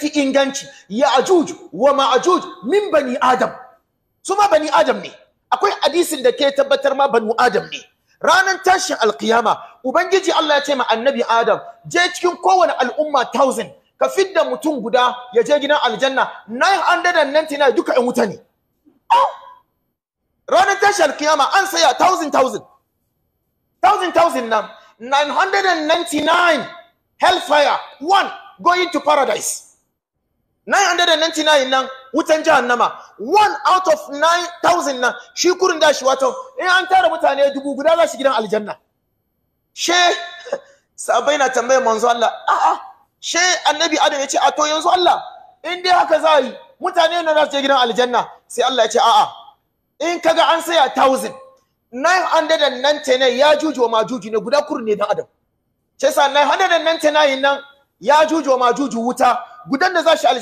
fi inganci ya ajuj wa ma min bani adam su ma bani adam ne akwai hadisin da ke tabbatar ma banu adam ne ranar tashin alkiyama ubangiji Allah ya ce ma annabi adam je cikin kowane al'umma 1000 ka da mutum guda ya je gidan aljanna 999 duka yan wuta ne oh! ranar tashin alkiyama an saya 1000 1000 1000 1000 nan 999 hellfire one going to paradise 999 nan wutan jahannama one out of 9000 nan shi kurin da shi wato in an tara mutane dubu guda za su gidan aljanna she sabai na tambayar manzo Allah a'a she annabi adam ya ce a to yanzu Allah in dai haka za yi mutane na za su je gidan aljanna sai Allah ya ce a'a in kaga an saya 1000 999 ya juju ma juju ne guda kurin ne dan adam sai yasa 999 nan ya juju ma juju wuta gudan da za shi